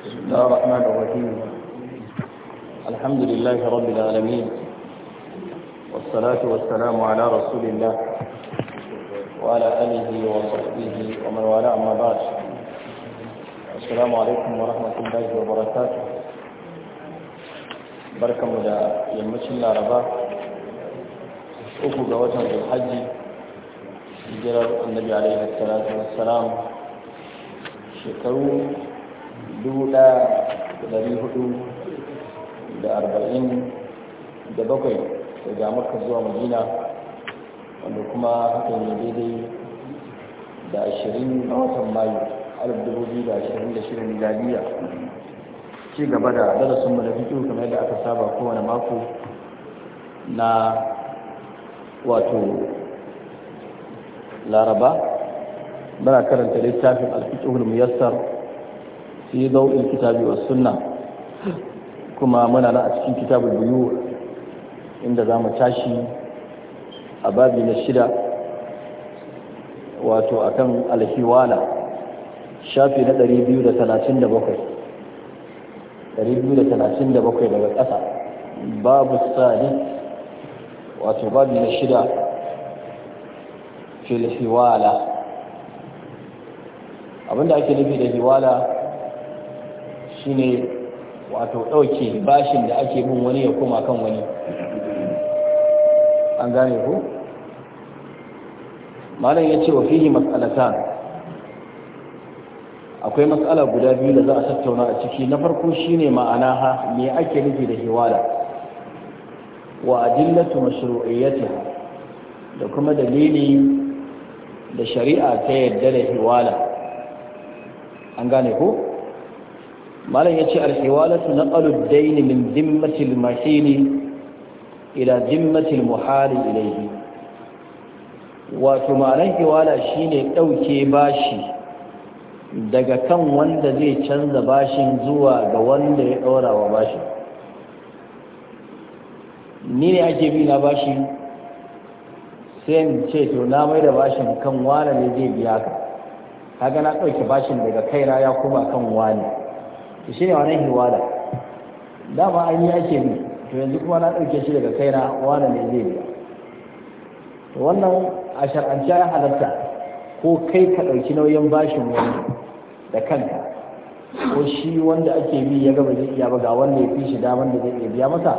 بسم الله الرحمن الرحيم الحمد لله رب العالمين والصلاة والسلام على رسول الله وعلى آله وصحبه ومن والاه أما بعد السلام عليكم ورحمة الله وبركاته بركة مدى يمشي الله رباه أخو جواتنا الحج جرى النبي عليه الصلاة والسلام shekaru dubu ɗaya da ɗari hudu da arba'in da bakwai daga Amurka zuwa madina wanda kuma hakan ne daidai da ashirin na watan mayu alif dubu biyu da ashirin da shirin miladiya ci gaba da darasin mu da fito kamar yadda aka saba kowane mako na wato laraba muna karanta littafin alfiqhul muyassar fi zau'in kitabi wa sunna kuma muna nan a cikin kitabu biyu inda za mu tashi a babi na shida wato akan alhiwala shafi na 237 237 daga ƙasa babu sadi wato babi na shida filhiwala, hiwala abinda ake nufi da hiwala shine wato ɗauke bashin da ake bin wani ya koma kan wani an gane ku malam ya ce wa fihi mas'alatan akwai mas'ala guda biyu da za a tattauna a ciki na farko shine ma'ana ha me ake nufi da hiwala wa adillatu mashru'iyyati da kuma dalili da shari'a ta yadda da hiwala an gane ko malam ya ce alhiwalatu na ne min dimmatil mahili ila dimmatil muhali ilaihi wato malam hiwala ne ɗauke bashi daga kan wanda zai canza bashin zuwa ga wanda ya ɗora wa bashin ni ne ake bi na bashi sai ni ce to na mai da bashin kan wane ne zai biya ka Haka na ɗauke bashin daga kaina ya kuma kan wane to shi ne wannan hiwala dama an yi ake ne to yanzu kuma na ɗauke shi daga kaina wani ne zai biya to wannan a shar'anci ya halatta ko kai ka ɗauki nauyin bashin wani da kanka ko shi wanda ake bi ya gaba zai iya ba ga wanda ya fi shi daman da zai iya biya masa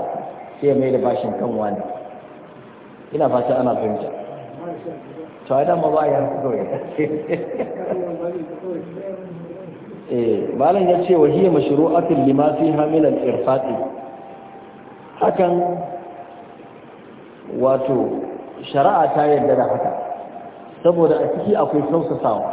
sai ya mai da bashin kan wani ina fata ana fahimta to ai dama ba ya kawai Eh, malam ya ce wahiyya mashru'atul lima fi hamil al hakan wato shari'a ta yarda da haka saboda a ciki akwai sausasawa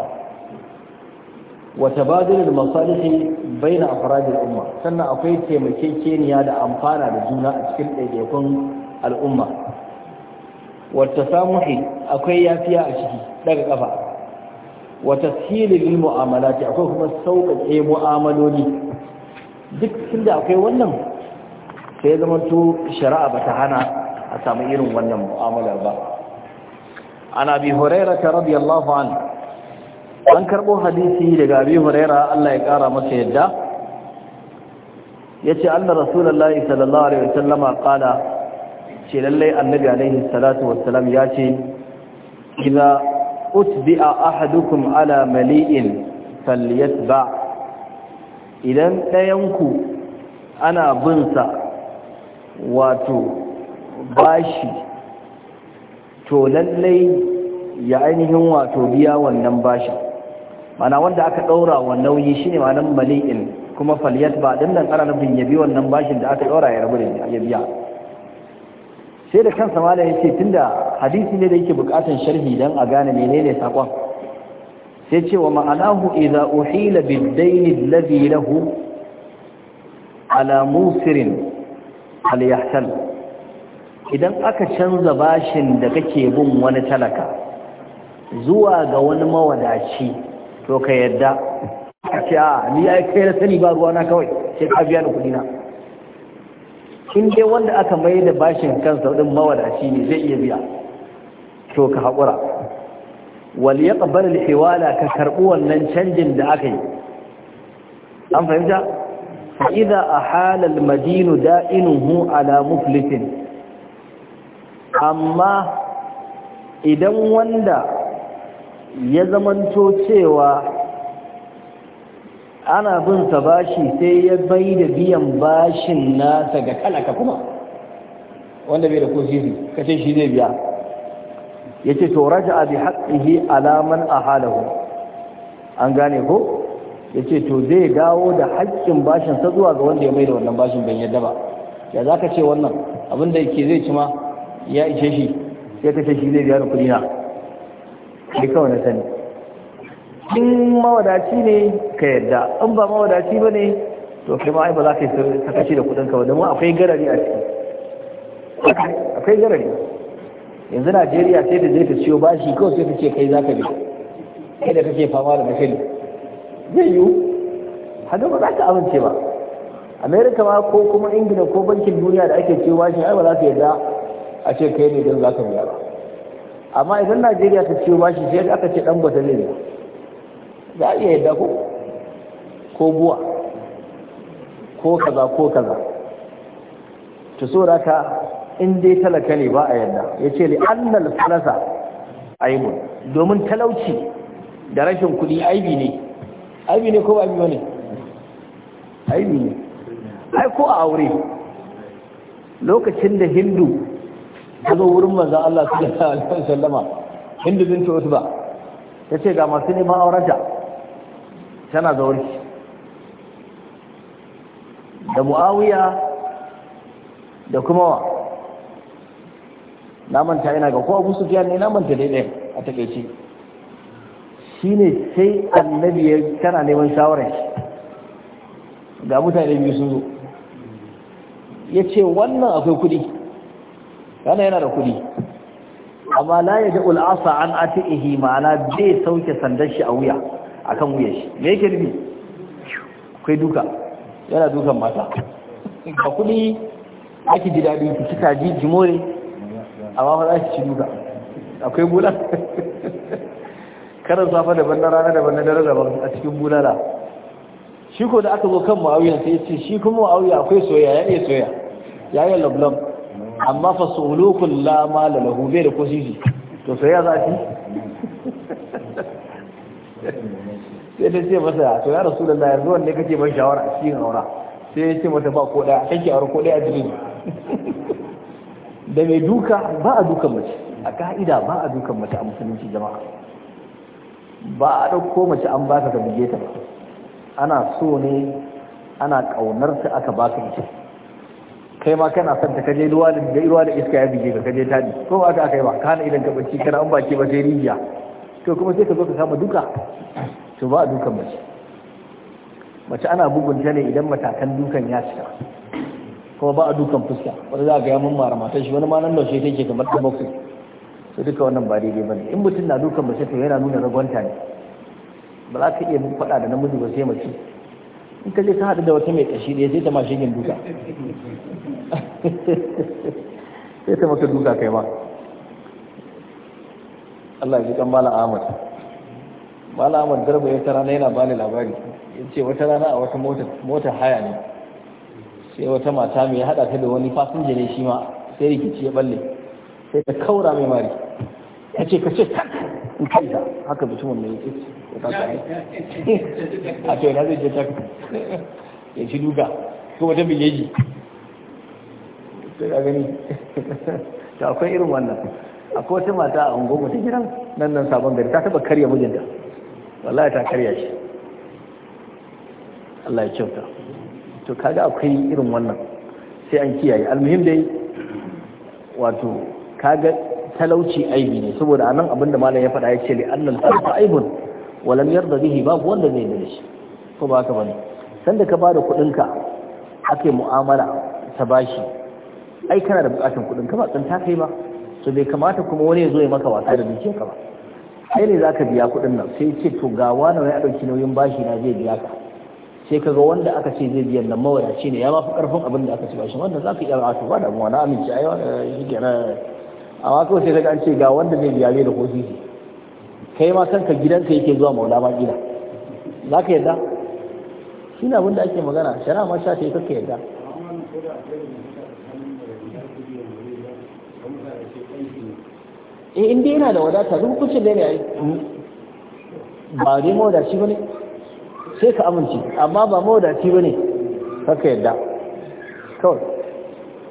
wata tabadul al-masalih baina afrad al-umma sannan akwai taimakekeniya da amfana da juna a cikin ɗaiɗaikun al'umma Wata tasamuhi akwai yafiya a ciki daga kafa wa tashili mu'amala ce akwai kuma sauƙaƙe mu'amaloli duk tunda akwai wannan sai zama to shari'a bata hana a samu irin wannan mu'amalar ba ana bi ta radiyallahu anhu an karɓo hadisi daga abi hurairah Allah ya ƙara masa yadda yace Allah rasulullahi sallallahu alaihi wasallama qala ce lallai annabi alaihi salatu wassalam yace gida. utbi'a ahadukum ala mali'in falyatba idan ɗayanku ana bin sa wato bashi to lallai ya ainihin wato biya wannan bashi mana wanda aka ɗaura wa nauyi shine ma'anar mali'in kuma falyatba din nan ana nufin ya bi wannan bashin da aka ɗaura ya rabu da ya biya sai da kansa malam ya ce tunda hadisi ne da yake bukatan sharhi dan a gane menene sakon sai ce wa ma'anahu idza uhila bid-dayn alladhi lahu ala musirin hal idan aka canza bashin da kake bin wani talaka zuwa ga wani mawadaci to ka yadda a ce a ni ai kai da sani ba ruwana kawai sai ka biya ni kudi na in dai wanda aka mai da bashin kansa din mawadaci ne zai iya biya to ka haƙura wal yaqbal al hiwala ka karɓi wannan canjin da aka yi an fahimta fa idza ahala al madinu da'inuhu ala muflitin amma idan wanda ya zamanto cewa ana bin sa bashi sai ya bai da biyan bashin nasa ga kalaka kuma wanda bai da ko sisi kashe shi zai biya yace to raja'a bi haqqihi ala man ahalahu an gane ko yace to zai dawo da haƙƙin bashin sa zuwa ga wanda ya bai da wannan bashin ban yadda ba ya zaka ce wannan abin da yake zai ci ma ya ishe shi sai kashe shi zai biya da kuɗi na ni kawai na sani in mawadaci ne ka yadda in ba mawadaci ba ne to kai ma ba za ka yi sakaci da kudinka ba domin akwai garari a ciki akwai garari yanzu najeriya sai ta je ta ciyo bashi kawai sai ta ce kai za ka bi kai da kake fama da mashari zai yiwu haka ba za ka amince ba amerika ma ko kuma ingila ko bankin duniya da ake ciyo bashi ai ba za ka yadda a ce kai ne don za ka biya ba amma idan najeriya ta ciyo bashi sai aka ce dan gwata zai biya za a iya yadda ko ko buwa ko kaza ko kaza ta tsora raka inda talaka ne ba a yadda ya ce li'annal falasa aibun domin talauci da rashin kuɗi aibi ne aibi ne ko ba aibi ne aibi ne ai ko a aure lokacin da hindu ta zo wurin manzan Allah su da sallama hindu bin wasu ba ta ce ga masu neman auren tana zaune da mu'awiya da kuma wa na manta yana ga kowa musu sufiyan ne na manta daidai a takaice shi ne sai annabi ya tana neman shawarar ga mutane biyu sun zo ya ce wannan akwai kudi yana yana da kudi amma la ya ji ul'asa an ati ihi ma'ana zai sauke sandar shi a wuya akan wuyan shi me yake nufi akwai duka yana dukan mata a kuɗi ake ji daɗi ki cika ji jimore amma ba za ki ci duka akwai bula karan safa daban na rana daban na dare daban a cikin bulala shi ko da aka zo kan ma'auyan sai ce shi kuma ma'auya akwai soya ya iya soya ya yi lablam amma fa sulukun lama da lahu bai da ko to soya za ki sai dai sai masa to ya rasulullahi da yanzu wanda kake ban shawara a cikin aura sai ya ce masa ba ko daya kake aure ko daya a cikin da mai duka ba a dukan mace a ka'ida ba a dukan mace a musulunci jama'a ba a ɗauko mace an baka ka buge ta ba ana so ne ana ƙaunar ta aka baka mace kai ma kana son ta kaje ruwa da ruwa da iska ya buge ka kaje tadi ko ba ka kai ba kana idan ka bacci kana an baki ba sai rijiya to kuma sai ka zo ka kama duka to ba a dukan mace mace ana bugunta ne idan matakan dukan ya cika kuma ba a dukan fuska wani za a ga yamin mara matan shi wani ma nan laushe take kamar ta bakwai to duka wannan ba daidai bane in mutum na dukan mace to yana nuna ragwanta ne ba za ka iya faɗa da namiji ba sai mace in ka je ka haɗu da wata mai ƙashi ɗaya sai ta ma shigin duka sai ta maka duka kai ma Allah ya ji kan Malam Ahmad malamar garba ya rana yana bani labari ya ce wata rana a wata motar haya ne sai wata mata mai hada ta da wani fasinja ne shi ma sai rikici ya balle sai ta kaura mai mari ya ce ka ce in kaita haka mutumin mai yake a ce na zai je ta ya ci duka ko wata biyeji sai ka gani ta akwai irin wannan akwai wata mata a unguwar ta gidan nan nan sabon gari ta taba karya mijinta wallahi ta karya shi Allah ya kyauta to kaga akwai irin wannan sai an kiyaye almuhim dai wato kaga talauci aibi ne saboda anan abinda malam ya faɗa ya ce li farqa aibun wa lam yarda bihi babu wanda zai yarda shi ko ba haka bane sanda ka bada kuɗin ka ake mu'amala ta bashi ai kana da bukatun kuɗin ka ba tsanta kai ba To bai kamata kuma wani ya zo ya maka wasa da dukiyar ka ba kai ne za ka biya kuɗin nan sai ce to ga wani wani ɗauki nauyin bashi na zai biya ka sai ka ga wanda aka ce zai biyan nan mawadaci ne ya mafi fi ƙarfin abin da aka ce bashi wanda za ka iya wato ba da na amince a yi shi amma kawai sai ka an ce ga wanda zai biya zai da kofi kai ma kanka gidanka yake zuwa maula ma gida za ka yarda shi ne abin da ake magana shara ma sha ce kakka yarda eh inda yana da wadata duk hukuncin da ya ba dai mawadaci ba ne sai ka amince amma ba mawadaci ba ne haka yadda kawai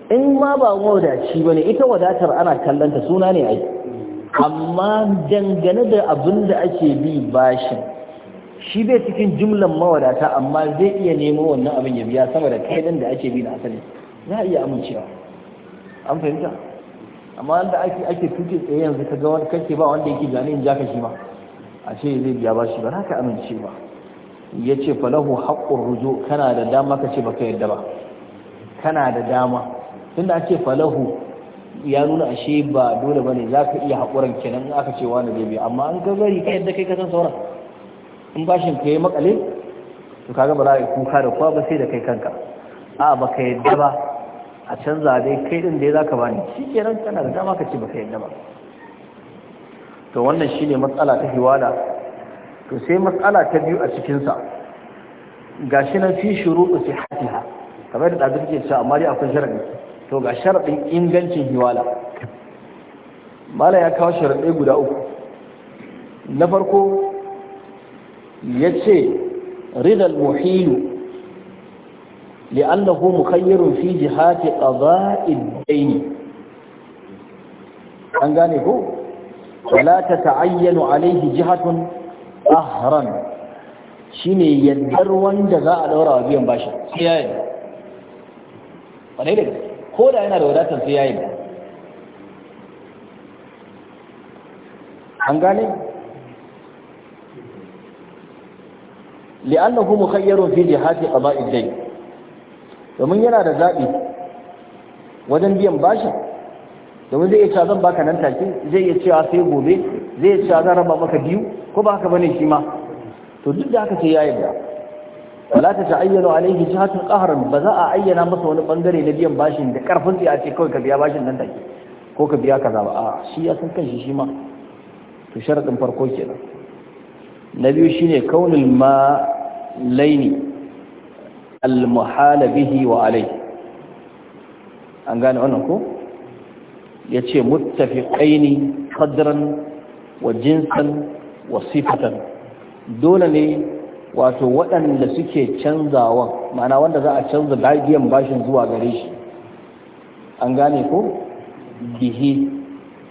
in ma ba mawadaci ba ne ita wadatar ana kallanta suna ne ai amma dangane da abin da ake bi bashin shi bai cikin jumlan mawadata amma zai iya nemo wannan abin ya biya sama da kaidan da ake bi na asali za a iya amincewa an fahimta amma wanda ake ake tuke tsaye yanzu ka ga wani kake ba wanda yake gane in jaka shi ma a ce zai biya ba shi ba za ka amince ba ya ce falahu haƙƙun rujo kana da dama ka ce baka yadda ba kana da dama tunda ake falahu ya nuna ashe ba dole bane za ka iya haƙuran kenan in aka ce wani zai biya amma an ka gari ka yadda kai ka san sauran in bashin ka yi makale to kaga ba za a yi kuka da kwa ba sai da kai kanka a baka yadda ba a canza dai kai din dai zaka bani shi nan kana da dama ka ce baka yadda ba to wannan shine matsala ta hiwala to sai matsala ta biyu a cikin sa gashi nan fi shuruɗu sihhatiha kamar da dazu ke cewa amma dai akwai sharadi to ga sharadin ingancin hiwala mala ya kawo sharadai guda uku na farko ya ce ridal muhilu li'annahu mukhayyirun fi jihati qada'id dayn an gane ko wala tata'ayyanu alayhi jihatun ahran shine yaddar wanda za a daura biyan bashi sai da ko da yana da wadatar sai yayi an gane fi jihati qada'id domin yana da zaɓi wajen biyan bashin domin zai iya cewa zan baka nan take zai iya cewa sai gobe zai iya cewa zan raba maka biyu ko ba haka bane shi ma to duk da haka sai ya yarda wala ta ta'ayyana alaihi jihatun qahran ba za a ayyana masa wani bangare na biyan bashin da karfin sai a ce kawai ka biya bashin nan take ko ka biya kaza ba a shi ya san kanshi shi ma to sharadin farko kenan na biyu shine kaunul ma laini almuhala bihi wa alai an gane wannan ku? ya ce muttafiqaini qadran wa jinsan wa sifatan dole ne wato waɗanda suke canzawa ma'ana wanda za a canza biyan bashin zuwa gare shi an gane ku? bihi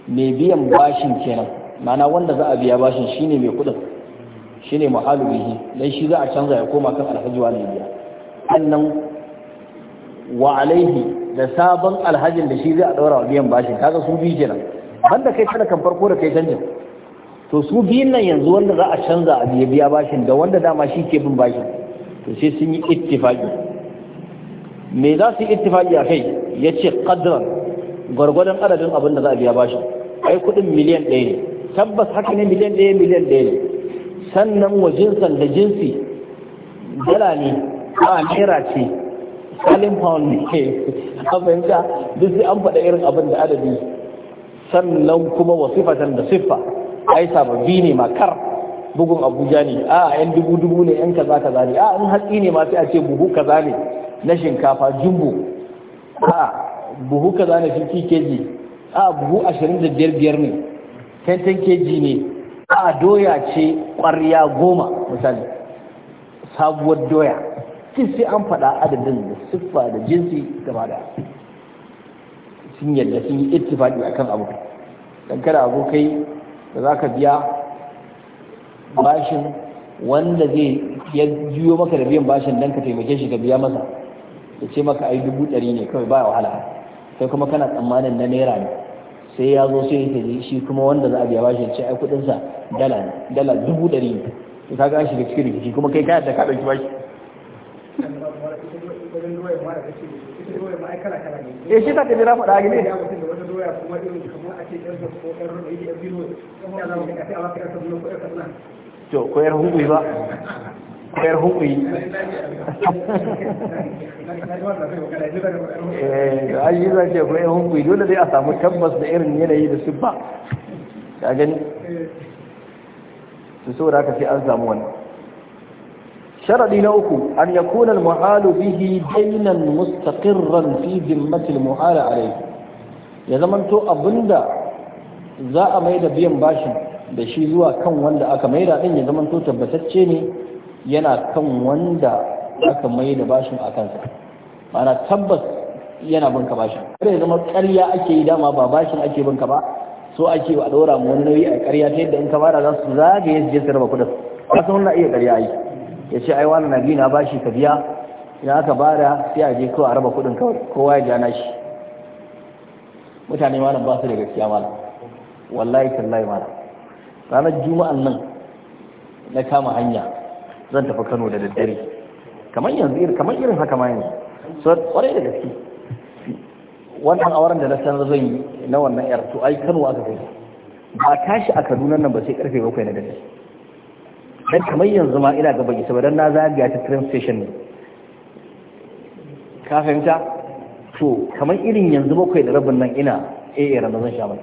mai biyan bashin kenan ma'ana wanda za a biya bashin shine mai kudin shine muhalu bihi Don shi za a canza ya koma kan alhaji wani biya sannan wa alaihi da sabon alhajin da shi zai a daura biyan bashin kaga su biyu kenan banda kai talakan farko da kai canjin to su biyun nan yanzu wanda za a canza a biya biya bashin da wanda dama shi ke bin bashin to sai sun yi ittifaki me za su yi ittifaki a kai ya ce kadran gwargwadon adadin abin da za a biya bashin ai kudin miliyan ɗaya ne tabbas haka ne miliyan ɗaya miliyan ɗaya ne sannan wa jinsan da jinsi dala ne a ah, naira ce salim pound ne an fahimta duk sai an faɗa irin abin da adadi sannan kuma wasifatan da siffa ai sababi ne makar bugun abuja ne a ah, yan dubu dubu ne yan kaza kaza ne a ah, an hatsi ne ma sai a ce buhu kaza ne na shinkafa jumbo a buhu kaza ne 50 kg a buhu 25 biyar ne 10 kg ne a doya ce ƙwarya goma misali sabuwar doya duk sai an faɗa adadin da siffa da jinsi gaba da sun yadda sun yi a kan abu dan kada abokai da za ka biya bashin wanda zai ya juyo maka da biyan bashin dan ka taimake shi ka biya masa ya ce maka ai dubu ɗari ne kawai ba wahala sai kuma kana tsammanin na naira ne sai ya zo sai ya shi kuma wanda za a biya bashin ce ai kuɗinsa dala ne dala dubu ɗari ne to ka ga shi da cikin rikici kuma kai ka yadda ka ɗauki bashi Eh, eh shi take jira faɗa gine to koyar hukumi ba koyar hukumi eh da ayi za ce koyar hukumi dole dai a samu tabbas da irin yanayi da su ba. ka gani su saboda haka sai an samu wannan sharadi na uku an yakuna al-mu'alu bihi daynan mustaqirran fi zimmati al-mu'ala alayhi ya zamanto abinda za a maida biyan bashin da shi zuwa kan wanda aka maida din ya zamanto tabbatacce ne yana kan wanda aka maida bashin a kansa ma'ana tabbas yana binka bashin kada ya zama ƙarya ake yi dama ba bashin ake binka ba so ake a ɗora mu wani nauyi a ƙarya ta yadda in ka bada za su zagaye su je su raba kuɗin kasan wannan iya ƙarya aiki. ya ce ai na biyu na bashi ka biya idan aka bada sai a je ko a raba kuɗin kawai kowa ya jana shi mutane malam ba su da gaskiya malam wallahi tallahi malam ranar juma'an nan na kama hanya zan tafi Kano da daddare kamar yanzu kamar irin haka ma yanzu so kwarai da gaske wannan auren da na san zan yi na wannan yar to ai Kano aka kai ba tashi a Kaduna nan ba sai karfe bakwai na daddare. dan kamar yanzu ma ina gaba isa dan na zagaya ta train station ne ka fahimta to kamar irin yanzu bakwai da rabin nan ina eh sha shaban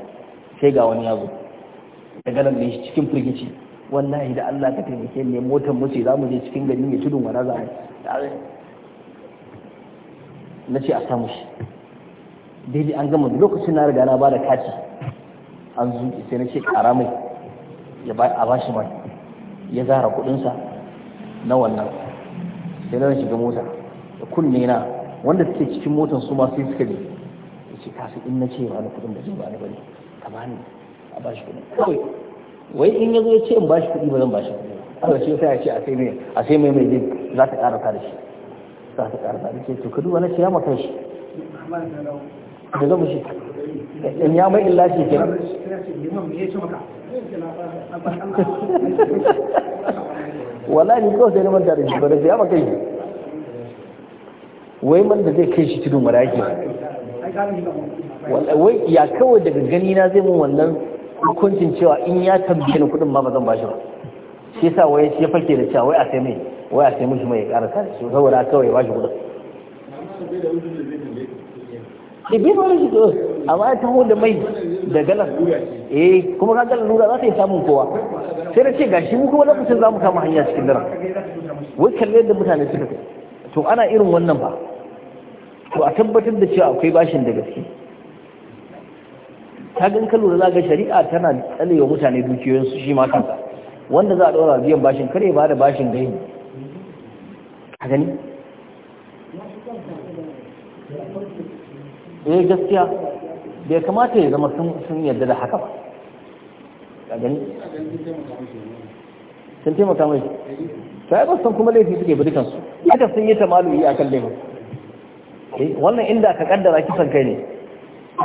sai ga wani yazo daga nan ne cikin firgici wallahi da Allah ka taimake ni motar mu ce za mu je cikin gari mai tudun wani za na ce a samu shi daidai an gama lokacin na riga na ba da kati an zuƙi sai na ce ƙara mai ya ba a ba shi mai ya zara kudinsa na wannan sai na shiga mota da kunne na wanda suke cikin motar su ma sai suka ne ya ce kasu in na ce ba na kudin da zai ba ni bane ka ba ni a ba shi kudin kawai wai in ya zo ya ce in ba shi kudi ba zan ba shi kudi ba shi sai ya ce a sai mai a sai mai mai zai za ta karata da shi za ta karata da shi to ka duba na ce ya maka shi da zama shi ya mai illa shi nan ni ko sai na manta da shi ba da sai ya kai wai man da zai kai shi tudu maraki Wala wai ya kawai daga gani na zai mun wannan hukuncin cewa in ya tambaye ni kudin ma ba zan bashi ba shi yasa wai shi ya fake da cewa wai a sai mai wai a sai shi mai ya ƙara kare shi saboda kawai ya bashi kudin ibi bai fara shi amma ya taho da mai da galan eh kuma ga galan lura za ta yi samun kowa sai na ce gashi mu kuma lokacin za mu kama hanya cikin dara wai kalle da mutane suka kai to ana irin wannan ba to a tabbatar da cewa akwai bashin da gaske ta gan ka lura ga shari'a tana tsalewa mutane dukiyoyinsu shi ma kansa wanda za a ɗora biyan bashin kare ba da bashin gaini a gani eh gaskiya bai kamata ya zama sun yarda da haka ba ka gani sun taimaka mai ta yi san kuma laifi suke bi dukansu haka sun yi a akan laifin eh, wannan inda ka kaddara kisan kai ne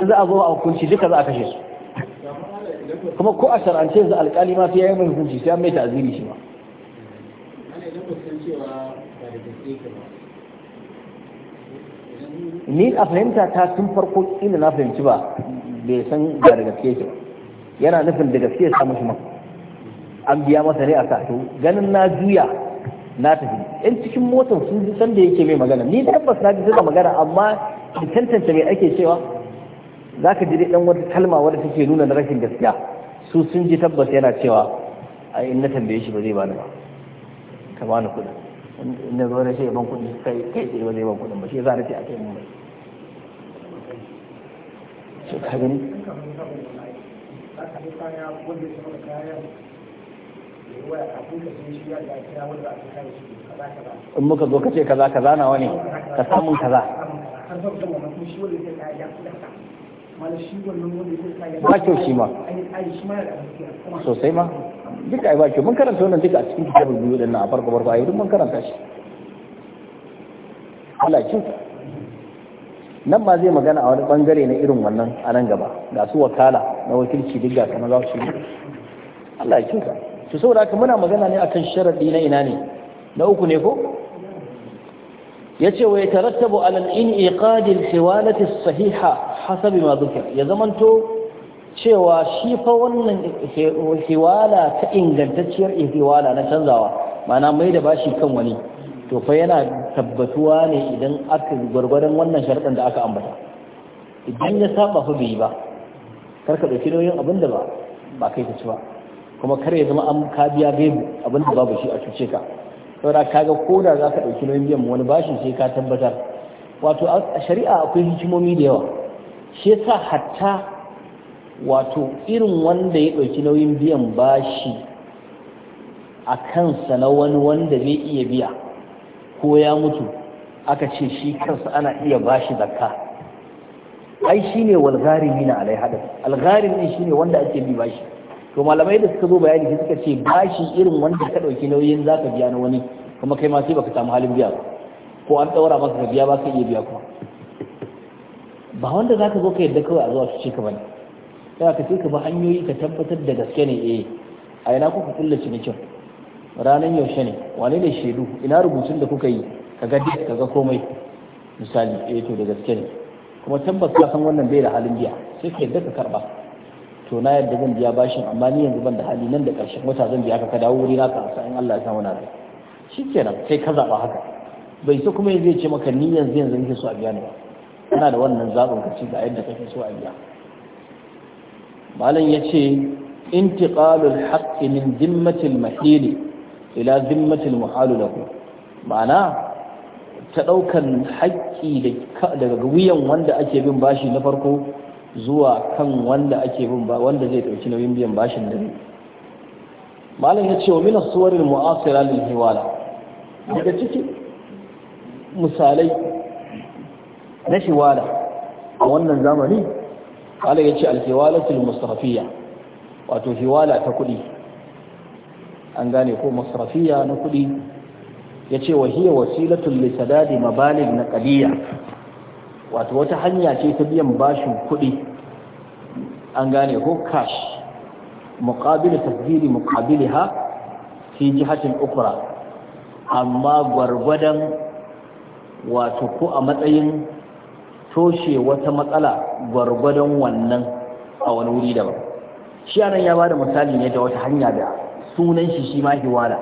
za a zo a hukunci duka za a kashe su kuma ko a shar'ance za alƙali ma fiye yi mai hukunci sai an mai ta'aziri shi ba ni a fahimta ta tun farko inda na fahimci ba bai san ga da gaske shi yana nufin da gaske ya samu shi ma an biya masa ne a ka ganin na juya na tafi in cikin motar sun ji sanda yake mai magana ni tabbas na ji zai magana amma ki tantance mai ake cewa za ka ji dai dan wata kalma wadda take nuna na rashin gaskiya su sun ji tabbas yana cewa a in na tambaye shi ba zai bani ba ka bani kuɗin in na zo na ce ban kuɗi kai kai ba zai ban kuɗin ba shi za a ce a kai mun ka gani in muka zo ka ce kaza kaza nawa ne ka samun kaza ba kyau shi ma sosai ma duk ai ba kyau mun karanta wannan duka a cikin kitabul biyu din nan a farko farko ayi duk mun karanta shi Allah ya kyauta nan ma zai magana a wani bangare na irin wannan a nan gaba ga su wakala na wakilci duk ga kamar za su yi Allah ya kyauta to saboda haka muna magana ne akan sharadi na ina ne na uku ne ko yace wa yatarattabu ala al-inqad al-hiwalati as-sahiha hasab ma dhukir ya zamanto cewa shi fa wannan hiwala ta ingantacciyar hiwala na canzawa ma'ana mai da bashi kan wani to fa yana tabbatuwa ne idan aka gwargwaron wannan sharɗin da aka ambata idan ya saba fa bai ba karka ɗauki nauyin abin ba ba kai ta ci ba kuma kar ya zama an ka biya bebu abin da babu shi a cuce ka saboda ga ko da za ka ɗauki nauyin biyan wani bashin sai ka tabbatar wato a shari'a akwai hikimomi da yawa shi yasa hatta wato irin wanda ya ɗauki nauyin biyan bashi a kansa na wani wanda zai iya biya ko ya mutu aka ce shi kansa ana iya bashi zakka ai shine na alai hadin algharim shi shine wanda ake bi bashi to malamai da suka zo bayani suka ce bashi irin wanda ka dauki nauyin zaka biya na wani kuma kai ma sai baka samu halin biya ba ko an daura maka ka biya ba ka iya biya kuma ba wanda zaka zo ka yadda kawai a zuwa su ce ka bane sai ka ce ka ba hanyoyi ka tabbatar da gaske ne eh a ina kuka kullace ne kyau ranar yaushe ne wane ne shaidu ina rubutun da kuka yi kaga duk ga komai misali eh to da gaske ne kuma tabbas ka san wannan bai da halin biya sai ka yadda ka karba to na yadda zan biya bashin amma ni yanzu ban da hali nan da karshen wata zan biya ka ka dawo wuri na ka sa in Allah ya samu na ke shikenan sai ka zaba haka bai so kuma zai ce maka ni yanzu yanzu nake so a biya ne ba kana da wannan zaɓin ka ci ga yadda kake so a biya malam yace intiqalul haqqi min dimmatil mahili ila zimmatil muhalu lahu ma'ana ta ɗaukan haƙƙi daga wuyan wanda ake bin bashi na farko zuwa kan wanda ake bin ba wanda zai ɗauki nauyin biyan bashin da malam ya ce wa min suwarin mu'asira lil hiwala daga cikin misalai na hiwala a wannan zamani malam ya ce al hiwalatul mustafiyya wato hiwala ta kuɗi an gane ko masrafiya na kuɗi ya ce wa hiya wasilatun li sadadi na qadiya wato wata hanya ce ta biyan bashin kuɗi an gane ko cash muqabil tasdiri muqabiliha fi jihatin ukra amma gwargwadon wato ko a matsayin toshe wata matsala gwargwadon wannan a wani wuri daban shi anan ya ba bada misali ne da wata hanya da sunan shi shi ma hiwala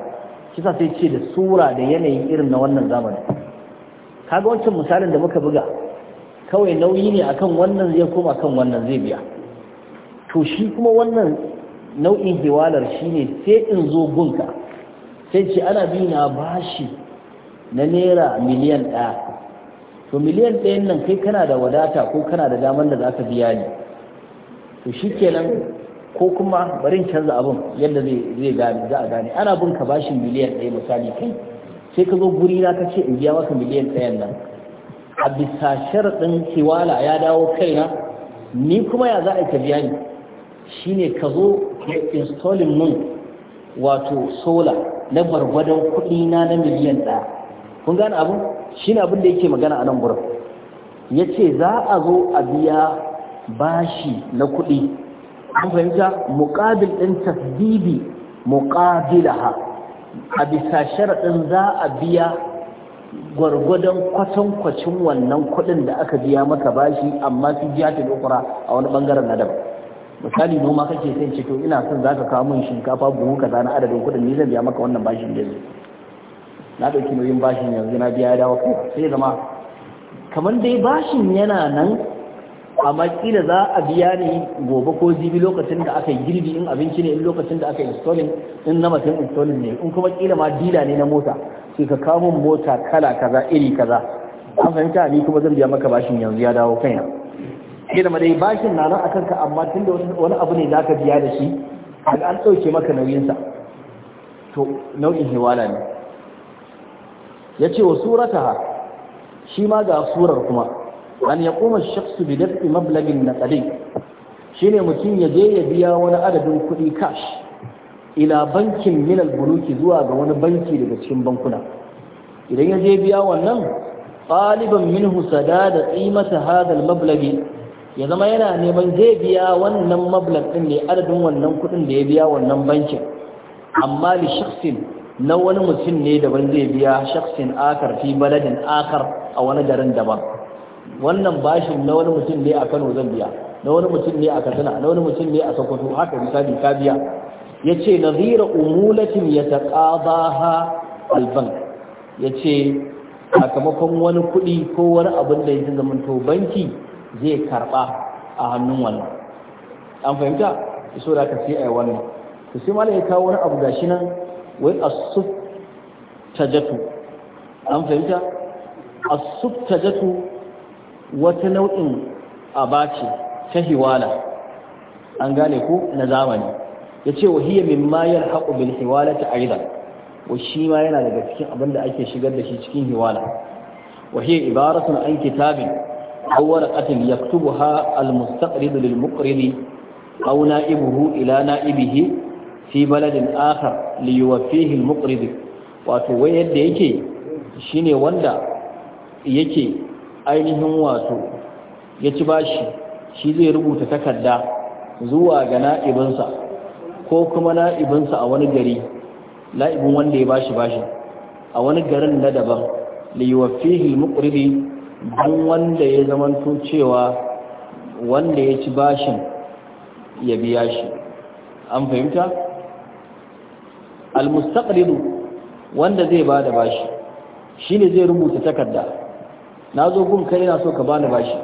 shi sa sai ce da sura da yanayi irin na wannan zamani kaga wancan misalin da muka buga kawai nauyi ne akan wannan zai koma kan wannan zai biya to shi kuma wannan nau'in hiwalar shine sai in zo gunka sai ce ana bi na bashi na naira miliyan ɗaya to miliyan ɗayan nan kai kana da wadata ko kana da damar da za ka biya ni to shi kenan ko kuma barin canza abin yadda zai gane za a gane ana bin ka bashin miliyan ɗaya misali kai sai ka zo guri na ka ce in biya maka miliyan ɗayan nan a bisa sharaɗin kiwala ya dawo kaina ni kuma ya za a ka biya ni shine ka zo ka installing mun wato sola na gwargwadon kuɗi na na miliyan ɗaya kun gane abin shine abin da yake magana a nan gurin ya ce za a zo a biya bashi na kuɗi an fahimta muqabil din tasdibi muqabilaha a bisa sharadin za a biya gwargwadon kwatankwacin wannan kuɗin da aka biya maka bashi amma fi biya ta lokura a wani bangaren na daban misali noma kake sai ce to ina son zaka kawo min shinkafa buhu kaza na adadin kuɗin ni zan biya maka wannan bashin yanzu na ɗauki nauyin bashin yanzu na biya ya dawo kai sai zama kamar dai bashin yana nan amma kila za a biya ne gobe ko jibi lokacin da aka yi girbi in abinci ne in lokacin da aka yi installing in na mutum installing ne in kuma kila ma dila ne na mota sai ka kawo mota kala kaza iri kaza an fahimta ni kuma zan biya maka bashin yanzu ya dawo kaina kila ma dai bashin na nan akan ka amma tun da wani abu ne za ka biya da shi daga an ɗauke maka nauyinsa to nau'in hiwala ne yace wa surata shi ma ga surar kuma an ya koma shaksu bi dafi mablagin na shine mutum ya je ya biya wani adadin kuɗi cash ila bankin minal buluki zuwa ga wani banki daga cikin bankuna idan ya je biya wannan ɗaliban minhu sada da tsimata hadal mablagi ya zama yana neman zai biya wannan mablag ɗin ne adadin wannan kuɗin da ya biya wannan bankin amma li shaksin na wani mutum ne daban zai biya shaksin akar fi baladin akar a wani garin daban wannan bashin na wani mutum ne a Kano zan biya na wani mutum ne a Katsina na wani mutum ne a Sokoto haka misali ka biya yace nazira umulatin yataqadaha albank yace sakamakon wani kuɗi ko wani abin da ya to banki zai karɓa a hannun wani an fahimta so da aka sai a wannan to sai malai ya kawo wani abu gashi nan wai asuf tajatu an fahimta asuf tajatu wata nau'in abaci ta hiwala an gane ko na zamani ya ce wa hiya min mayar haƙo bin hiwala ta aida wa shi ma yana daga cikin abin da ake shigar da shi cikin hiwala wa hiya ibaratun an kitabin aw waraqatin yaktubuha al mustaqrid lil muqrid aw na'ibuhu ila na'ibihi fi baladin akhar li yuwaffihi al muqrid wato wai yadda yake shine wanda yake ainihin wato ya ci bashi shi zai rubuta takarda zuwa ga na'ibinsa ko kuma na'ibinsa a wani gari na'ibin wanda ya bashi bashi a wani garin na daban liwafihi muqridi don wanda ya zamanto cewa wanda ya ci bashin ya biya shi an fahimta al wanda zai bada bashi shine zai rubuta takarda na zo gun kai na so ka bani bashi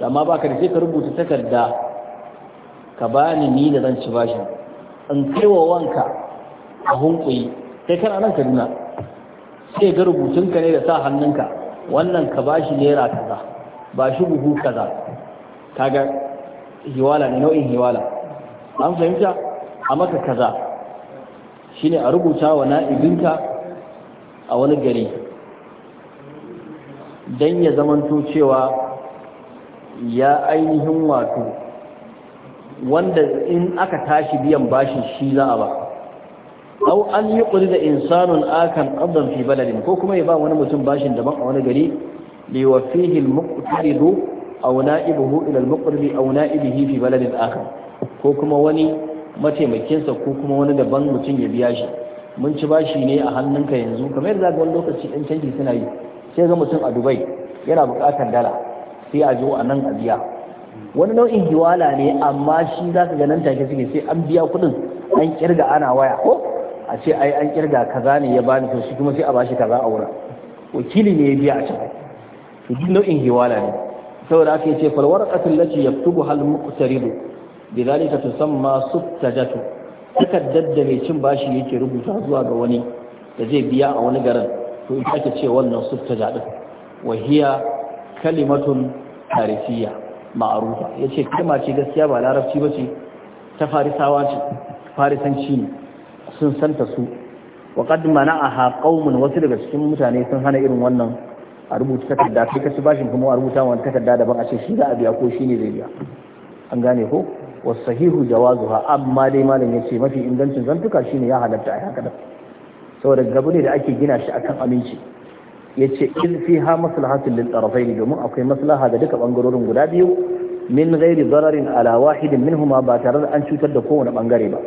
amma ba da sai ka rubuta takarda ka bani ni da zan ci bashi in kai wa wanka a hunkuyi kai kana nan ka kaduna sai ga rubutunka ne da sa hannunka wannan ka bashi naira kaza ba shi buhu kaza kaga hiwala ne nau'in hiwala an fahimta a maka kaza shine a rubuta wa na'ibinka a wani gari don ya zamanto cewa ya ainihin wato wanda in aka tashi biyan bashi shi za a ba au an yi ƙuri da insanun akan ƙabdan fi baladin ko kuma ya ba wani mutum bashin daban a wani gari liwafihi al-muqtaridu aw na'ibuhu ila al-muqridi aw na'ibihi fi baladin akan ko kuma wani mataimakinsa ko kuma wani daban mutum ya biya shi mun ci bashi ne a hannunka yanzu kamar yadda wani lokaci ɗan canji suna yi sai ga mutum a dubai yana buƙatar dala sai a zo a nan a biya wani nau'in hiwala ne amma shi za ka ganin take suke sai an biya kuɗin an kirga ana waya ko oh, a ce ai an kirga kaza ne ya bani to shi kuma sai a bashi kaza a wurin wakili ne ya biya a can to duk nau'in hiwala ne saboda aka ce fal warqatul lati yaktubu hal muqtaridu bidhalika tusamma suttajatu takaddad da mai cin bashi yake rubuta zuwa ga wani da zai biya a wani garin to ita ake ce wannan da din wa hiya kalimatun ma'arufa ya yace kalma ce gaskiya ba larabci ba ce ta farisawa ce farisanci ne sun santa su wa mana a haƙaunin wasu daga cikin mutane sun hana irin wannan a rubuta takarda kai kasu bashin kuma a rubuta wani takarda daban a ce shi za a biya ko shi ne zai biya an gane ko wasu sahihu ha amma dai malam ya ce mafi ingancin zantuka shine ya halatta a haka da saboda gabu ne da ake gina shi akan aminci ya ce in fi ha maslahatin lil ne domin akwai maslaha ga duka bangarorin guda biyu min zararin dararin ala wahidin minhuma ba tare da an cutar da kowane bangare ba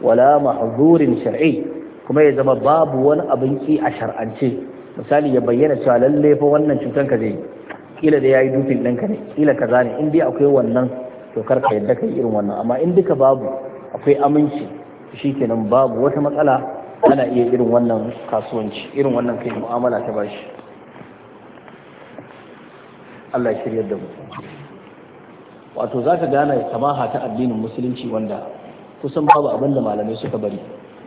wala mahzurin shar'i kuma ya zama babu wani abin ki a shar'ance misali ya bayyana cewa lalle fa wannan cutan ka zai kila da yayi dufin ɗinka ne kila ka zane in dai akwai wannan to kar ka yadda kai irin wannan amma in duka babu akwai aminci shikenan babu wata matsala ana iya irin wannan kasuwanci irin wannan kai mu'amala ta bashi Allah ya shirya da mu wato za ka gane samaha ta addinin musulunci wanda kusan babu abin da malamai suka bari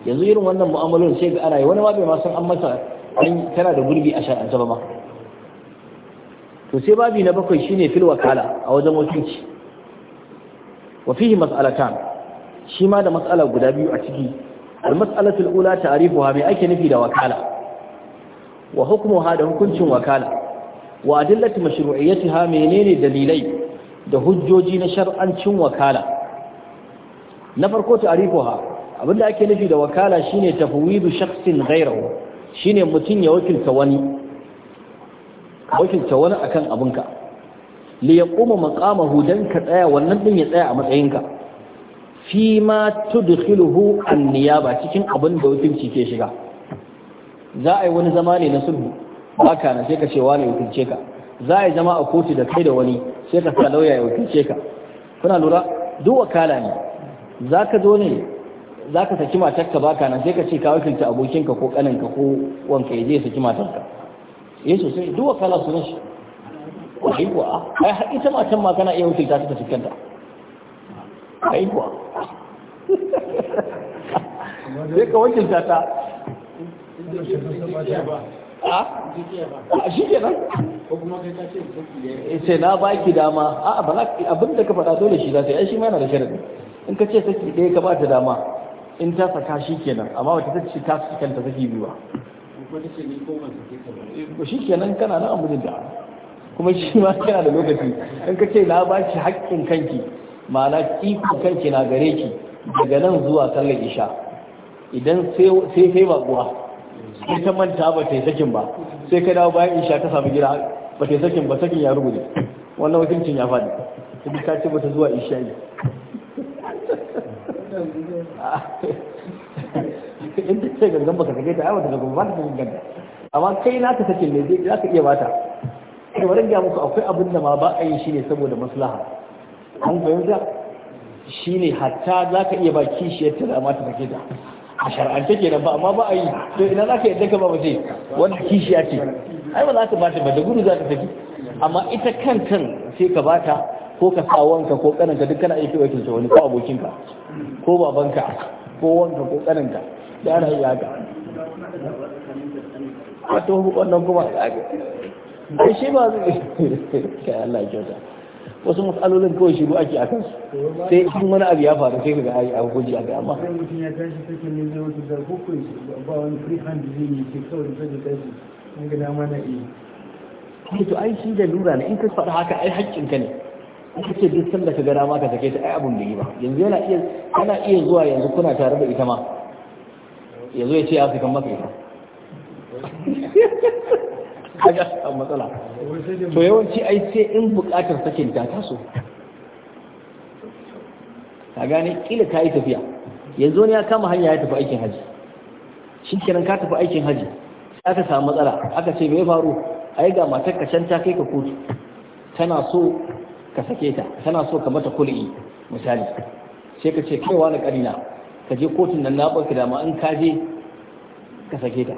yanzu irin wannan mu'amalolin sai ga ana yi wani ma bai ma san an masa an tana da gurbi a shar'anta ba ma to sai babi na bakwai shine fil wakala a wajen wakilci wa fihi mas'alatan shi ma da mas'ala guda biyu a ciki almas'alatul ula ta'rifuha mai ake nufi da wakala wa hukmuha da hukuncin wakala wa adillatu mashru'iyyatiha menene dalilai da hujjoji na shar'ancin wakala na farko ta'rifuha abinda ake nufi da wakala shine tafwidu shakhsin ghayrahu shine mutun ya wakilta wani wakilta wani akan abinka li yaquma maqamahu dan ka tsaya wannan din ya tsaya a matsayinka fi ma tudkhiluhu an-niyaba cikin abin da wakilci ke shiga za a yi wani zama ne na sulhu baka na sai ka ce wani wakilce ka za a yi zama a kotu da kai da wani sai ka sa lauya ya wakilce ka kuna lura duk wakala ne za ka zo ne za ka saki matar ba baka na sai ka ce ka wakilta abokinka ko kaninka ko wanka ya je ya saki matarka yesu eh sosai duk wakala su ne shi ai kuwa ai ita matan ma kana iya wakilta ta ta kanta haihuwa sai ka wakilta ta a shi ke nan eh, sai na baki dama a abin da ka faɗa dole shi za ta yi shi ma yana da sharadi in ka ce saki ɗaya ka ba ta dama in ta saka shi kenan amma wata ta ce ta su kanta saki biwa. ba eh, shi kenan kana na a mijin da kuma shi ma yana da lokaci in ka ce na baki haƙƙin kanki ma'ana kifin kanki na gare ki daga nan zuwa sallar isha idan sai sai baguwa sai ta manta ba ta yi sakin ba sai ka dawo bayan isha ta samu gida ba ta yi sakin ba sakin ya rubuce wannan wakilcin ya faɗi ta ta ce ba ta zuwa isha ne in ta ce gangan baka sake ta aiwata daga ba ta ganganta amma kai na ta sakin ne za ka iya bata. ta wani gya muku akwai abin da ma ba a yi shi ne saboda maslaha an fahimta shi ne hatta za ka iya ba kishiyar da dama ta ke da a shar'ance ke nan ba amma ba a yi to ina za ka yadda ka ba waje? wanda kishiya ce ai ba za ka ta ba da gudu za ta tafi amma ita kan kan sai ka ba ta, ko ka sa wanka ko kananka duk kana aiki wakil ta wani ko abokinka ko babanka ko wanka ko kananka da ana yi haka wato wannan kuma ai shi ba zai ka Allah kyauta wasu matsalolin kawai shiru ake a kansu sai in wani abu ya faru sai ka kaga ai a hukunci a amma sai mutum ya tashi take ne zai wuce da hukun ba wani free hand zai yi sai kawai sai da tashi in ga dama na yi ai eh, to ai shi da lura ne in ka faɗa haka ai haƙƙin ka ne in ka ce duk sanda ka ga dama ka sake ta ai abun da yi ba yanzu yana iya kana iya zuwa yanzu kuna tare da ita ma yanzu ya ce ya fi kan maka ita kaga a matsala to yawanci in buƙatar sakin ta taso gane kila ka yi tafiya yanzu ne ya kama hanya ya tafi aikin haji shi kenan ka tafi aikin haji aka samu matsala aka ce bai faru ai ga matar ka can ta kai ka kotu tana so ka sake ta tana so ka mata kul'i misali sai ka ce kaiwa na karina ka je kotun nan na barka dama in ka je ka sake ta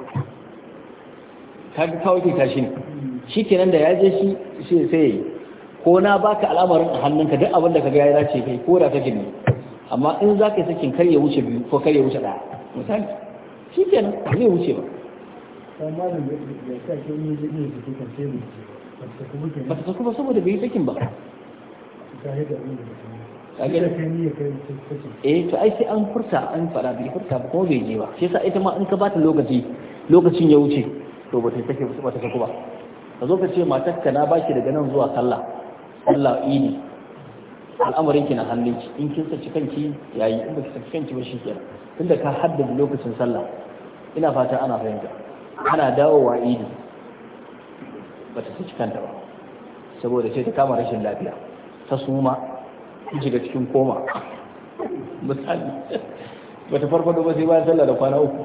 kaga kawai ke tashi ne shi kenan da ya je shi shi sai yayi ko na baka al'amarin a hannunka duk abin da kaga ya dace kai ko da kake ne amma in za ka yi sakin kar ya wuce biyu ko kar ya wuce ɗaya misali shi kenan ba zai wuce ba ba ta saku ba saboda bai yi sakin ba eh to ai sai an furta an fara bai furta ba kuma bai je ba shi yasa ita ma in ka bata lokaci lokacin ya wuce to ba ta take ba ta saku ba ka zo ka ce matar ka na baki daga nan zuwa sallah sallah ini al'amarin ki na hannun ki. in kin saci kanki yayi in baki saci kanki ba shikenan tunda ka haddada lokacin sallah ina fata ana fahimta ana dawowa idi ba ta saci kanta ba saboda ce ta kama rashin lafiya ta suma in shiga cikin koma misali ba ta farfado ba sai bayan sallah da kwana uku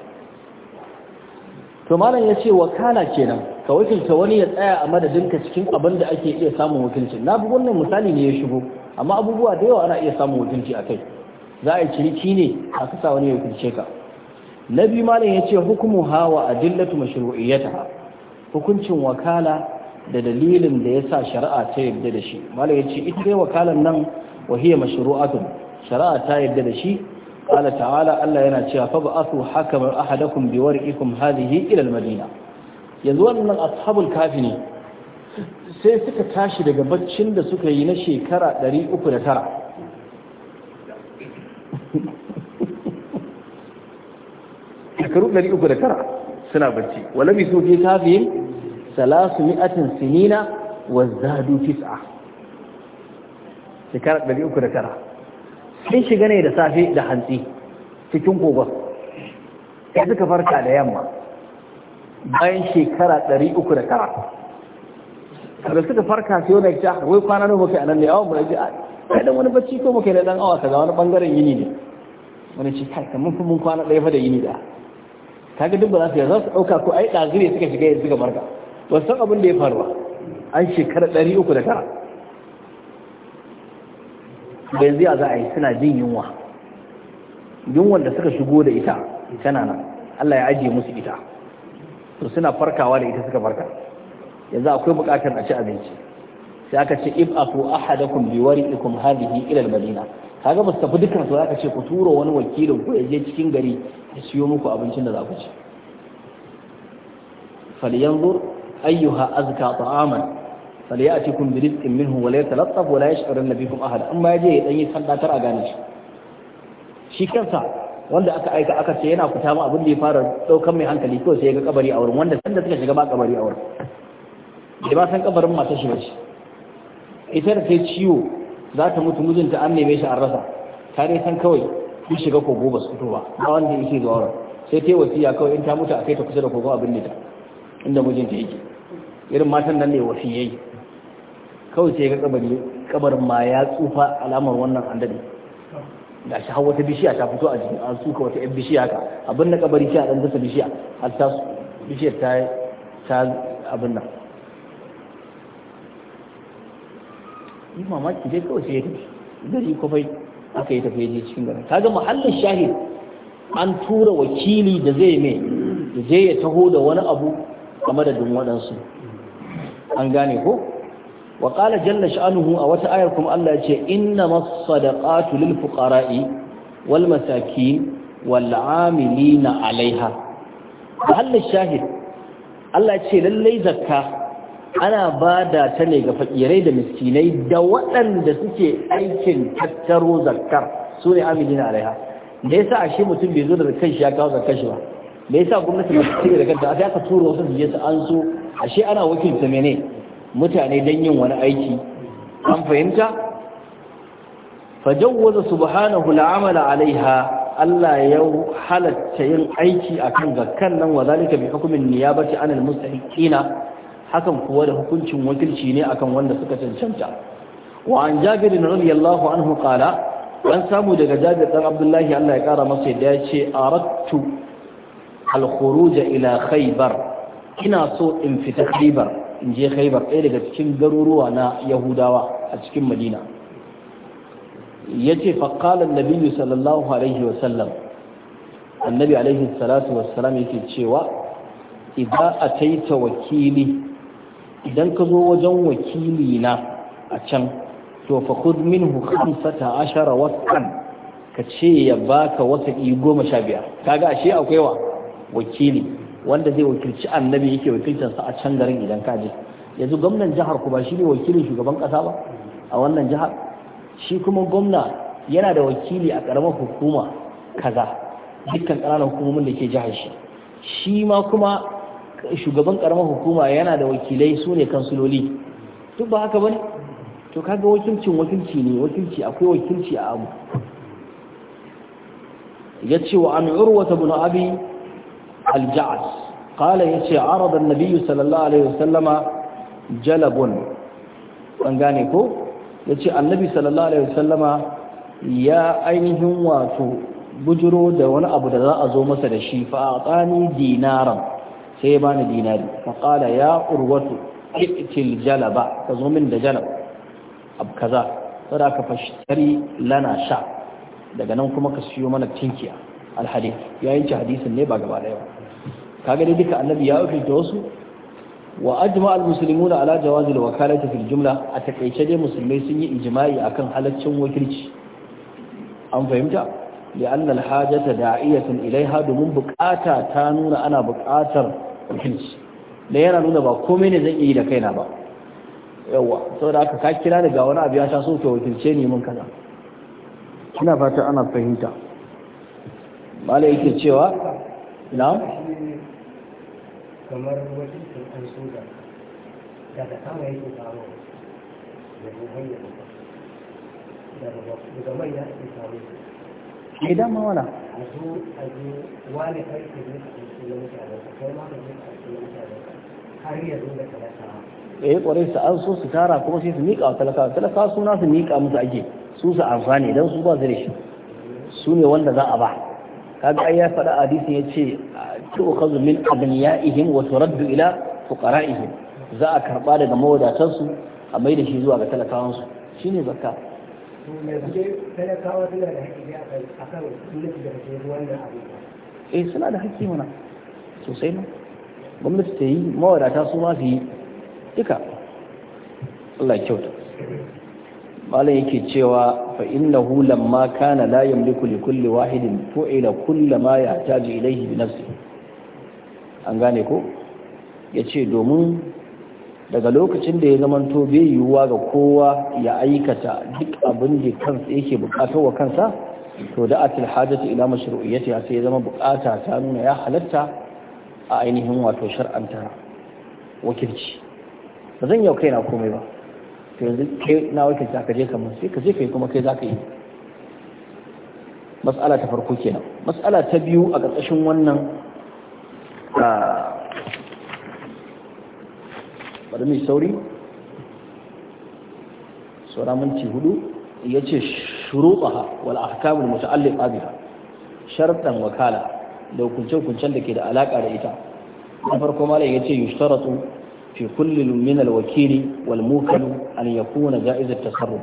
to malam yace wakala kenan ka wakilta wani ya tsaya a madadin ka cikin abin da ake iya samun wakilci na bi wannan misali ne ya shigo amma abubuwa da yawa ana iya samun wakilci a kai za a yi ciniki ne a kasa wani ya wakilce ka na biyu malam yace hukumu hawa a dillatu mashru'iyyata hukuncin wakala da dalilin da ya sa shari'a ta yadda da shi malam yace ita dai wakalan nan wahiya mashru'atun shari'a ta yadda da shi qala ta'ala Allah yana cewa fa ba'athu hakama ahadakum bi warqikum hadhihi ila al-madina yanzu wannan ashabul kafi ne sai suka tashi daga baccin da suka yi na shekara 309 shekaru 309 suna bacci wala bi sufi kafiyin salasu mi'atin sinina wa zadu tis'a shekara 309 sun shiga ne da safe da hantsi cikin kogon ya suka farka da yamma bayan shekara ɗari uku da kara da suka farka yau wani ita ah, wai kwana nawa kai anan ne yawon mu ji a kai wani bacci ko muke da ɗan awa ga wani ɓangaren yini ne wani ce kai kamar fi mun kwana ɗaya fa da yini da kaga duk ba za su yi za su ɗauka ko ai ɗazu ne suka shiga yanzu ga farka wasu abin da ya faruwa an shekara ɗari uku da kara yanzu za a yi suna jin yunwa yunwan da suka shigo da ita tana nan Allah ya ajiye musu ita to suna farkawa da ita suka farka yanzu akwai bukatar a ci abinci sai aka ce if afu ahadakum bi wari'ikum hadhihi ila al-madina kaga ba su tafi dukkan su aka ce ku tura wani wakilin ku ya je cikin gari ya siyo muku abincin da za ku ci falyanzur ayyuha azka ta'aman fala ya atikum bi rizqin minhu wala yatalattaf wala yash'urun nabikum ahad amma yaje ya dan sallatar a gane shi shi kansa wanda aka aika aka ce yana fita ma abin da ya fara daukan mai hankali ko sai ya ga kabari a wurin wanda sanda suka shiga ba kabari a wurin bai ba san kabarin matar shi bace ita da sai ciwo za ta mutu mijinta an neme shi an rasa ta dai san kawai kun shiga kogo ba su fito ba ba wanda yake zuwa wurin sai ta yi wasiya kawai in ta mutu a kai ta kusa da kogo abin da ta inda mijinta yake irin matan nan ne wasiyai kawai sai ga kabari kabarin ma ya tsufa alamar wannan andabi da shi har wata bishiya ta fito a jikin an suka wata yan bishiya ka abin da kabari shi a dan dasa bishiya har ta bishiyar ta ta abin nan yi mamaki dai kawai sai ya tafi gari kwafai aka yi tafiye cikin garin kaga muhallin shahid an tura wakili da zai mai da zai ya taho da wani abu a madadin waɗansu an gane ko wa qala jalla sha'nuhu a wata ayar kuma Allah ya ce innamas sadaqatu lil fuqara'i wal masakin wal 'amilina 'alaiha mahallin shahid Allah ce lallai zakka ana bada ta ne ga fakirai da miskinai da waɗanda suke aikin tattaro zakkar su ne amilina 'alaiha da yasa ashe mutum bai zo da shi ya kawo zakkar shi ba me yasa gwamnati ba ta da kanta aka turo wasu su je su an so ashe ana wakilta mene mutane don yin wani aiki an fahimta fajawwaza subhanahu la'amala alaiha Allah ya halatta yin aiki akan zakkan nan wa zalika bi hukumin niyabati anil mustahiqina hakan kuwa da hukuncin wakilci ne akan wanda suka cancanta wa an jabir radiyallahu anhu qala an samu daga jabir dan abdullahi Allah ya kara masa da ya ce aradtu al khuruj ila khaybar ina so in fita khaybar in je khaibar ɗaya daga cikin garuruwa na yahudawa a cikin madina ya ce faƙalar nabiyu sallallahu alaihi wasallam annabi alaihi salatu wasallam yake cewa idan a taita wakili idan ka zo wajen wakili na a can to fa khud minhu khamsata ashara wasan ka ce ya baka wata goma sha biyar kaga ashe akwai wa wakili wanda zai wakilci annabi yake wakilcinsa a can garin idan ka yanzu gwamnan jihar ku ba shi ne wakilin shugaban kasa ba a wannan jihar shi kuma gwamna yana da wakili a karamar hukuma kaza dukkan ƙananan hukumomin da ke jihar shi shi ma kuma shugaban karamar hukuma yana da wakilai su ne kansuloli duk ba haka bane to kaga wakilcin wakilci ne wakilci akwai wakilci a abu ya ce wa an urwata bin abi al-ja'as qala yace arada an-nabi sallallahu alaihi wasallama jalabun an gane ko yace annabi sallallahu alaihi wasallama ya ainihin wato bujiro da wani abu da za a zo masa da shi fa atani dinaran sai ba ni dinari fa ya urwatu itil jalaba ka zo min da jalab ab kaza saboda ka fashtari lana sha daga nan kuma ka siyo mana tinkiya alhadith ya ci hadisin ne ba gaba daya ba kaga dai duka annabi ya rufe da wasu wa ajma al muslimuna ala al wakalati fil jumla a takaice dai musulmai sun yi ijma'i akan halaccin wakilci an fahimta لأن الحاجة داعية إليها domin buƙata ta nuna ana buƙatar wakilci da yana nuna ba komai ne zan yi da kaina ba yawa saboda aka ka kira ni ga wani abu ya sha so ka wakilce ni mun kaza ina fata ana fahimta mala yake cewa na kamar wajen an so da daga kama yake samu daga hanyar mai ya ake samu ke dama wana a zo a zo wani karfe ne a cikin na mutane kai ma da ne a cikin mutane har zo da talakawa eh kwarai su an so su tara kuma sai su miƙa wa talakawa talakawa suna su miƙa musu ake su su amfani don su ba zai da su ne wanda za a ba kaga ai ya faɗa hadisin ya ce tu'khadhu min abniyaihim wa turaddu ila fuqara'ihim za a karba daga su a mai da shi zuwa ga talakawan su shine zakka eh suna da haƙƙi mana sosai ma gwamnati ta yi mawadata su ma su yi duka Allah kyauta malam yake cewa fa innahu lamma kana la yamliku li kulli wahidin fu'ila kullu ma yahtaju ilayhi bi nafsi an gane ko yace domin daga lokacin da ya zamanto bai yiwuwa ga kowa ya aikata duk abin da kansa yake bukatar wa kansa to da atil hajatu ila ya sai ya zama bukata ta nuna ya halatta a ainihin wato shar'anta wakilci ba zan yau kaina komai ba to yanzu kai na wakilta ka je ka mun ka je kai kuma kai za ka yi mas'ala ta farko kenan mas'ala ta biyu a ƙarƙashin wannan bari mai sauri saura minti hudu ya ce shuruɗaha wal ahkamul muta'alliqa biha shartan wakala da hukunce-hukuncen da ke da alaƙa da ita na farko malam ya ce yushtaratu fi kulli min al-wakili wal mukalu an yakuna ja'izat tasarruf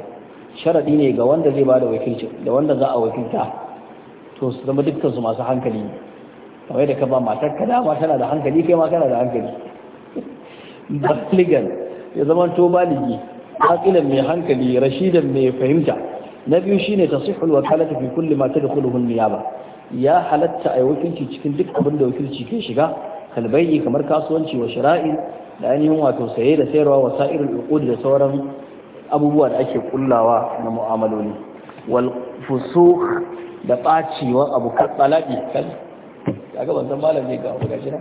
sharadi ne ga wanda zai bada wakilci da wanda za a wakilta to su zama dukkan su masu hankali ne kamar da ka ba matar ka dama tana da hankali kai ma kana da hankali Bakligan ya zama to baligi aqilan mai hankali rashidan mai fahimta na biyu shine tasihul wakalatu fi kulli ma tadkhuluhu an-niyaba ya halatta ai wakilci cikin duk abin da wakilci ke shiga kalbai kamar kasuwanci wa shara'i da ainihin wato saye da sayarwa wa sa'irin uqud da sauran abubuwa da ake kullawa na mu'amaloli wal fusukh da bacewa abu kan talaqi kan kaga ban san malam zai ga abu shi na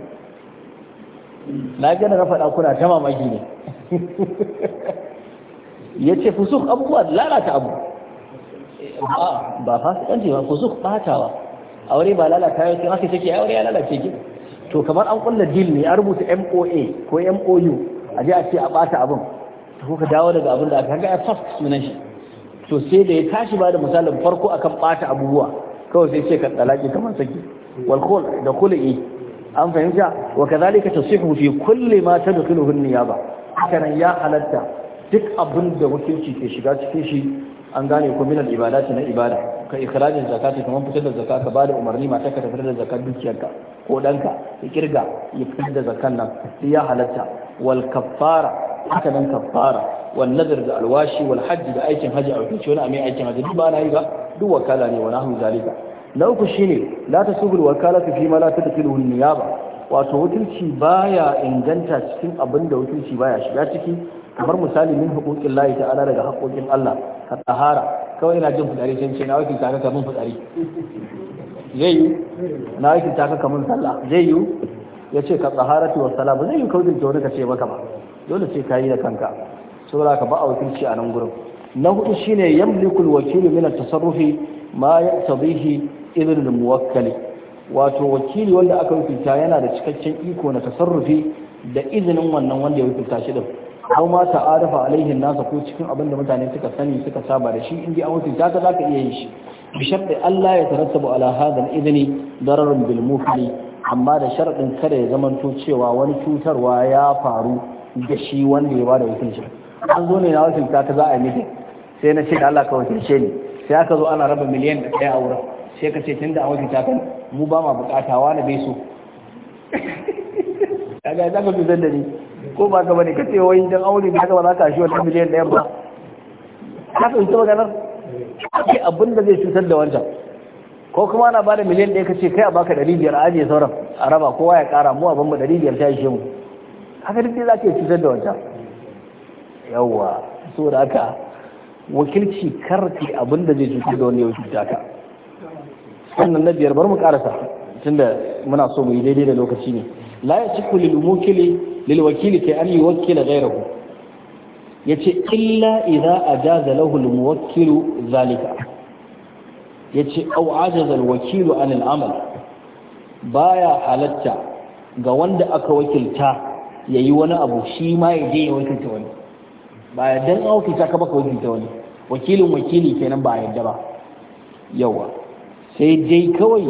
na ga na faɗa kuna ta mamaki ne yace fusukh abubuwa lalata abu ba fasikanci ba fusukh batawa aure ba lalata yau sai aka take aure ya lalace ki to kamar an kulla deal ne a rubuta MOA ko MOU a ji a ce a bata abin ko ka dawo daga abin da aka ga a first sunan shi to sai da ya tashi ba da misalin farko akan bata abubuwa kawai sai ce ka dalaki kamar saki wal khul da e an fahimta wa kadhalika tasihu fi kulli ma tadkhuluhu an-niyaba kana ya halatta duk abin da wakilci ke shiga cikin shi an gane ko min al-ibadati na ibada ka ikhrajin zakka ka kaman fitar da zakka ka bada umarni mata ka fitar da zakkar dukiyarka ko danka ya kirga ya fitar da zakkan nan sai ya halatta wal kaffara haka nan kaffara wal nadr da alwashi wal hajji da aikin haji a wakilci wani amin aikin haji duk ba na yi ba duk wakala ne wa nahu zalika na uku shine la tasubul wakalatu fi ma la tadkhulu an niyaba wato wakilci baya inganta cikin abin da wakilci baya shiga ciki kamar misali min hukukin lahi ta'ala daga haƙoƙin Allah a kawai ina jin fitsari sai ce na wakil ta ka mun fitsari zai yi na wakil ta ka mun sallah zai yi ya ce ka tsahara ta wa salamu zai yi kawai da wani ka ce maka ba dole sai ka yi da kanka saboda ka ba a wakilci a nan gurin na hudu shine yamliku alwakilu min at-tasarrufi ma yaqtadihi idhn al-muwakkali wato wakili wanda aka wakilta yana da cikakken iko na tasarrufi da izinin wannan wanda ya wakilta shi din aw ma ta'arafa alaihi nasa ko cikin abinda mutane suka sani suka saba da shi in dai an hukunta ka zaka iya yin shi bi sharti Allah ya tarattabu ala hadha al-idni dararun bil mufli amma da sharadin kada ya zamanto cewa wani cutarwa ya faru da shi wanda ya bada hukunci an zo ne na wakilta ka za a yi miki sai na ce da Allah ka ce ne sai aka zo ana raba miliyan da ɗaya a wurin sai ka ce tun da an wakilta kan mu ba ma bukata wani bai so kaga za fi zan da ni ko ba ka bane kace wai dan aure da ba za ka shi wannan miliyan ɗaya ba ka ta magana ake abin da zai cutar da wancan ko kuma ana bada miliyan ɗaya kace kai a baka ɗari biyar a ajiye sauran a raba kowa ya ƙara mu a banmu ɗari biyar ta ishe mu haka duk za ka cutar da wancan yawwa da haka wakilci karfi abin da zai cutar da wani ya cuta ka sannan na biyar bar mu ƙarasa tunda muna so mu yi daidai da lokaci ne la ya cikin lil mukili lil wakili kai an yuwakkila ghayrahu yace illa idza a lahu al muwakkilu zalika yace aw ajaza al wakilu an al amal baya halarta, ga wanda aka wakilta yayi wani abu shi ma ya je ya wakilta wani ba ya dan wakilta ka wakilta wani wakilin wakili kenan ba a yadda ba yawa sai dai kawai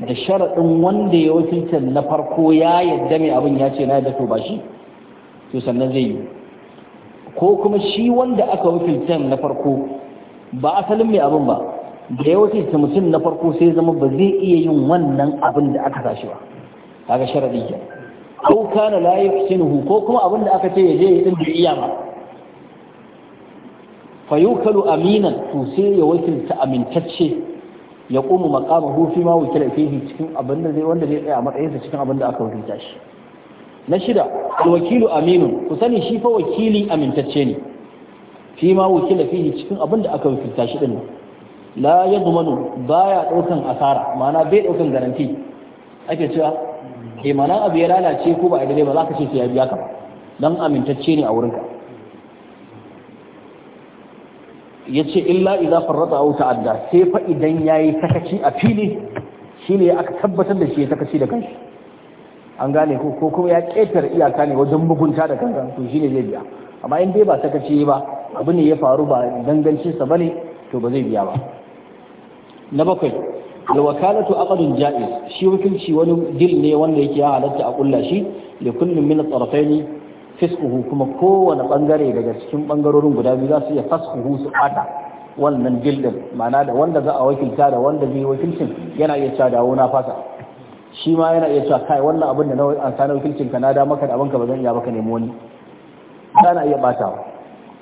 da sharaɗin wanda ya wakilta na farko ya yadda mai abin ya ce na yadda to ba shi to sannan zai yi ko kuma shi wanda aka wakilta na farko ba asalin mai abin ba da ya wakilta mutum na farko sai zama ba zai iya yin wannan abin da aka tashi ba kaga sharaɗi ke ko kana la hu. ko kuma abin da aka ce ya je ya din da iya ba fa yukalu aminan to sai ya wakilta amintacce ya kuma makama hufi ma wukila fihi cikin abin da zai wanda zai tsaya a matsayinsa cikin abin da aka wakilta shi na shida wakilu aminu ku sani shi fa wakili amintacce ne fi ma wukila fihi cikin abin da aka wakilta shi din la yadmanu baya daukan asara ma'ana bai daukan garanti ake cewa eh ma'ana abu ya lalace ko ba a dare ba za ka ce sai ya biya ka ba dan amintacce ne a wurinka ya ce illa idan farrata a adda sai fa idan ya yi sakaci a fili shi ne aka tabbatar da shi ya sakaci da kanshi an gane ko kuma ya ƙetar iyaka ne wajen mugunta da kanka to shi ne zai biya amma in dai ba sakaci ba abu ne ya faru ba dangancinsa ba ne to ba zai biya ba na bakwai al-wakalatu aqdun ja'iz shi hukunci wani dil ne wanda yake ya halatta a kulla shi li kullin min at ne. fiskuhu kuma kowane bangare daga cikin bangarorin guda biyu za su iya faskuhu su bata wannan jildin ma'ana da wanda za a wakilta da wanda bai wakilcin yana iya cewa dawo na fasa shi ma yana iya cewa kai wannan abin da na an wakilcin ka na da maka da abin ka ba zan iya baka nemi wani kana iya batawa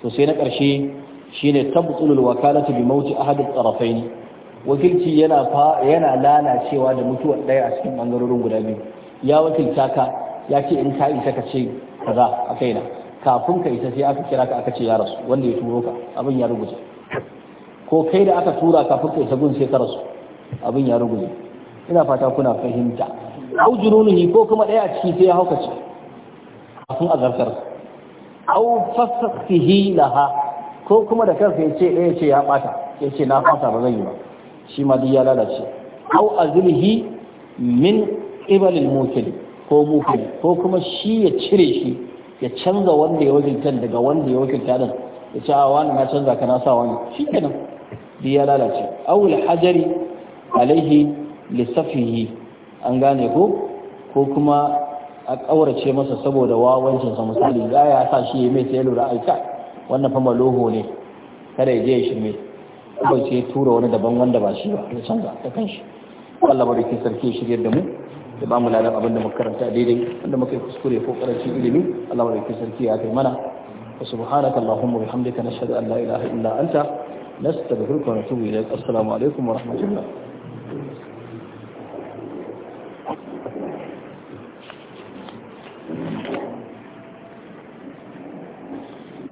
to sai na ƙarshe shine tabtulul wakalatu bi mauti ahad al-tarafayn wakilci yana yana lalacewa da mutuwar ɗaya a cikin bangarorin guda biyu ya wakilta ka ya ce in ka isa ka ce kaza a kaina kafin ka isa sai aka kira ka aka ce ya rasu wanda ya turo ka abin ya ruguje ko kai da aka tura kafin ka isa gun sai ka rasu abin ya ruguje ina fata kuna fahimta au jununihi ko kuma ɗaya a ciki sai ya haukace kafin a zartar au fasaktihi laha ko kuma da kansa ya ce yace ce ya ɓata ya ce na fata ba zan yi ba shi ma duk ya lalace au azlihi min ibalil mukil ko mufin ko kuma shi ya cire shi ya canza wanda ya wakilta daga wanda ya wakilta din ya ce a wani na canza ka na sa wani shi kenan bi ya lalace awul hajari alaihi lissafihi an gane ko ko kuma a ƙaurace masa saboda wawancin sa misali ya ya sa shi ya mai sai lura aika wannan fa maloho ne kada ya je ya shirme kawai sai tura wani daban wanda ba shi ba ya canza ta kanshi Allah barikin sarki shirye da mu ya ba mu ladan abin da muka karanta daidai wanda muka kuskure ko karancin ilimi Allah mai kai sarki ya kai mana wa subhanaka allahumma wa bihamdika nashhadu an la ilaha illa anta nastaghfiruka wa natubu ilayk assalamu alaikum wa rahmatullah